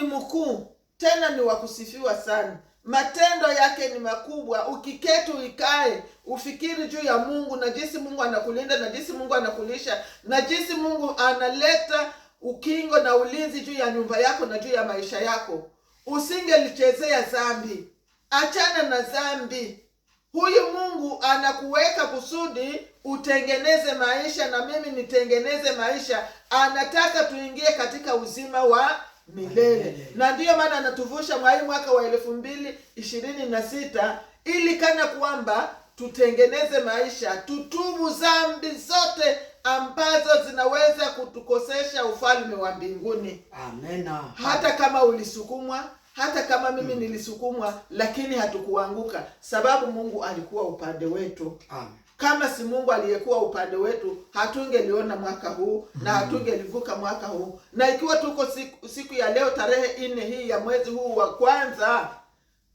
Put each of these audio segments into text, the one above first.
ni mkuu tena ni wa kusifiwa sana. Matendo yake ni makubwa. ukiketu ikae ufikiri juu ya Mungu na jinsi Mungu anakulinda na jinsi Mungu anakulisha na jinsi Mungu analeta ukingo na ulinzi juu ya nyumba yako na juu ya maisha yako. Usingelichezea zambi achana na zambi Huyu Mungu anakuweka kusudi utengeneze maisha na mimi nitengeneze maisha. Anataka tuingie katika uzima wa milele. Na ndiyo maana anatuvusha mwai mwaka wa elfu mbili ishirini na sita ili kana kwamba tutengeneze maisha, tutubu zambi zote ambazo zinaweza kutukosesha ufalme wa mbinguni. Amena. Hata kama ulisukumwa, hata kama mimi hmm. nilisukumwa, lakini hatukuanguka sababu Mungu alikuwa upande wetu. Amen. Kama si Mungu aliyekuwa upande wetu, hatungeliona mwaka huu na mm-hmm. hatungelivuka mwaka huu. Na ikiwa tuko siku, siku ya leo tarehe nne hii ya mwezi huu wa kwanza,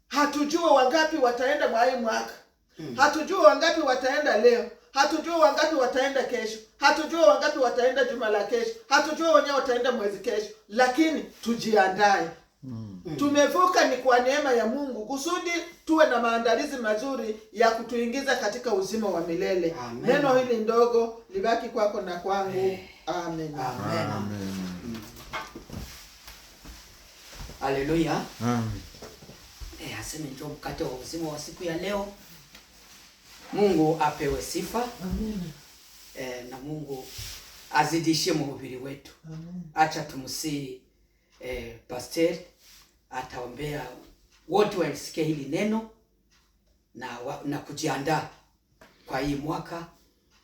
hatujua wangapi wataenda mwa hii mwaka, mm. hatujua wangapi wataenda leo hatujua wangapi wataenda kesho, hatujua wangapi wataenda juma la kesho, hatujua wenyewe wataenda mwezi kesho, lakini tujiandae. Mm. Tumevuka ni kwa neema ya Mungu kusudi tuwe na maandalizi mazuri ya kutuingiza katika uzima wa milele. Amen. Neno hili ndogo libaki kwako na kwangu. Eh. Amen. Amen. Amen. Amen. Mm. Haleluya. Amen. Eh, aseme njo mkate wa uzima wa siku ya leo. Mungu apewe sifa. Amen. Eh, na Mungu azidishie mhubiri wetu. Amen. Acha tumsihi eh, Pastor ataombea wote walisikia hili neno na, wa, na kujiandaa kwa hii mwaka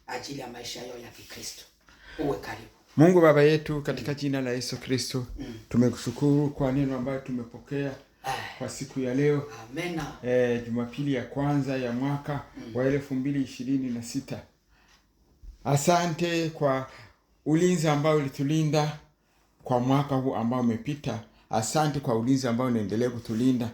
ajili ya maisha yao ya Kikristo. Uwe karibu. Mungu Baba yetu katika mm. jina la Yesu Kristo mm. tumekushukuru kwa neno ambayo tumepokea eh. kwa siku ya leo Amena. E, eh, Jumapili ya kwanza ya mwaka mm. wa elfu mbili ishirini na sita. Asante kwa ulinzi ambao ulitulinda kwa mwaka huu ambao umepita Asante kwa ulinzi ambayo unaendelea kutulinda.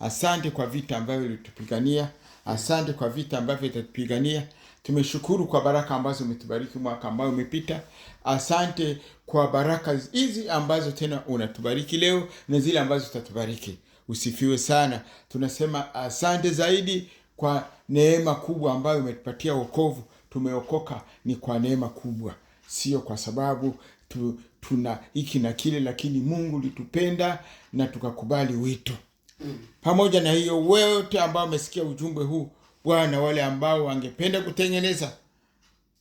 Asante kwa vita ambavyo ulitupigania. Asante kwa vita ambavyo itatupigania. Tumeshukuru kwa baraka ambazo umetubariki mwaka ambao umepita. Asante kwa baraka hizi ambazo tena unatubariki leo na zile ambazo utatubariki. Usifiwe sana. Tunasema asante zaidi kwa neema kubwa ambayo umetupatia wokovu. Tumeokoka ni kwa neema kubwa, sio kwa sababu tu, tuna hiki na kile, lakini Mungu litupenda na tukakubali wito. Mm. Pamoja na hiyo, wote ambao wamesikia ujumbe huu Bwana, wale ambao wangependa kutengeneza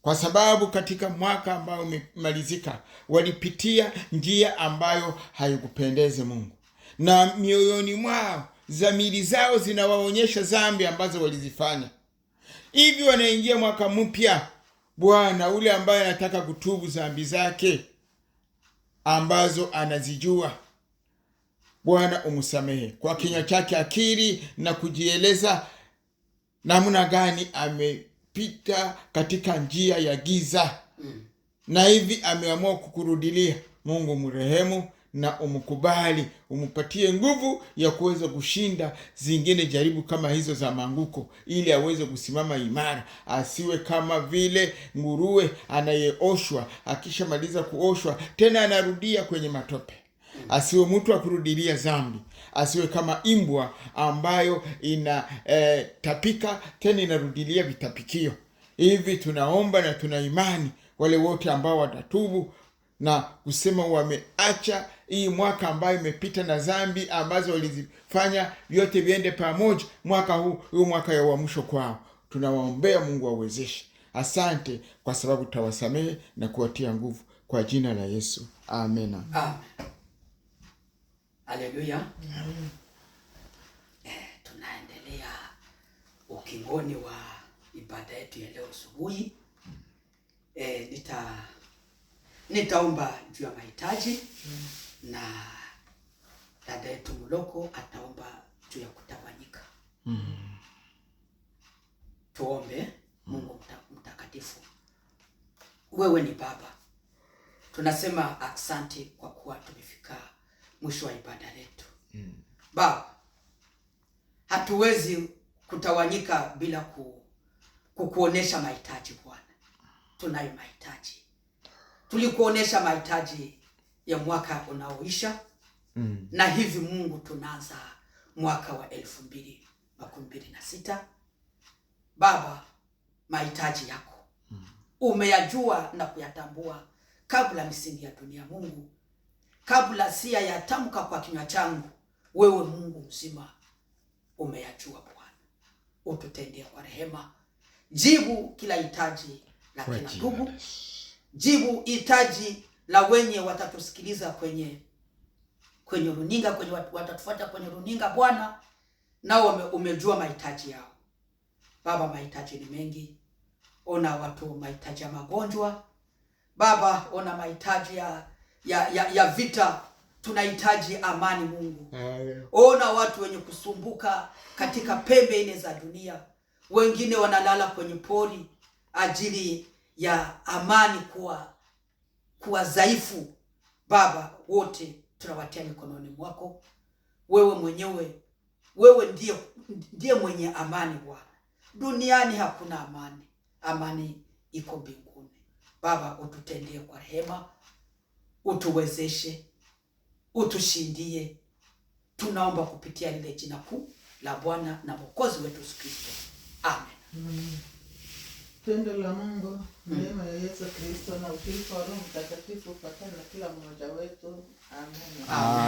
kwa sababu katika mwaka ambao umemalizika walipitia njia ambayo haikupendeze Mungu, na mioyoni mwao zamiri zao zinawaonyesha zambi ambazo walizifanya. Hivi wanaingia mwaka mpya, Bwana, ule ambaye anataka kutubu zambi zake ambazo anazijua. Bwana umsamehe kwa kinywa chake akiri na kujieleza namna gani amepita katika njia ya giza mm. na hivi ameamua kukurudilia. Mungu mrehemu, na umkubali, umpatie nguvu ya kuweza kushinda zingine jaribu kama hizo za maanguko, ili aweze kusimama imara, asiwe kama vile nguruwe anayeoshwa, akishamaliza kuoshwa tena anarudia kwenye matope. Asiwe mtu wa kurudilia asiwe kama imbwa ambayo inatapika eh, tena inarudilia vitapikio hivi. Tunaomba na tuna imani wale wote ambao watatubu na kusema wameacha hii mwaka ambayo imepita na zambi ambazo walizifanya vyote viende pamoja mwaka huu, huu mwaka ya uamsho kwao. Tunawaombea Mungu awezeshe. Asante kwa sababu tawasamehe na kuwatia nguvu kwa jina la Yesu, amena. Ah. Eh, tunaendelea ukingoni wa ibada yetu ya leo asubuhi. Eh, nita nitaomba juu ya mahitaji mm na dada yetu Muloko ataomba juu ya kutawanyika. Mm. Tuombe Mungu mtakatifu, wewe ni Baba, tunasema asante kwa kuwa tumefika mwisho wa ibada letu. Mm. Baba, hatuwezi kutawanyika bila ku, kukuonesha mahitaji Bwana, tunayo mahitaji, tulikuonesha mahitaji ya mwaka unaoisha mm. na hivi Mungu tunaanza mwaka wa elfu mbili makumi mbili na sita. Baba, mahitaji yako mm. umeyajua na kuyatambua kabla misingi ya dunia. Mungu, kabla siya yatamka kwa kinywa changu, wewe Mungu mzima umeyajua Bwana, ututendee kwa rehema, jibu kila hitaji la kila ndugu, jibu hitaji la wenye watatusikiliza kwenye kwenye runinga kwenye watatufuata kwenye runinga Bwana, nao umejua mahitaji yao Baba. Mahitaji ni mengi, ona watu mahitaji ya magonjwa Baba, ona mahitaji ya, ya, ya, ya vita tunahitaji amani Mungu. Ona watu wenye kusumbuka katika pembe nne za dunia, wengine wanalala kwenye pori ajili ya amani kuwa wadhaifu. Baba, wote tunawatia mikononi mwako. Wewe mwenyewe, wewe ndiye, ndiye mwenye amani Bwana. Duniani hakuna amani, amani iko mbinguni. Baba, ututendee kwa rehema, utuwezeshe, utushindie. Tunaomba kupitia lile jina kuu la Bwana na Mwokozi wetu Yesu Kristo, amen. mm tendo la Mungu, mm. neema ya Yesu Kristo na ushirika wa Roho Mtakatifu upatane na kila mmoja wetu. Amen. Amen.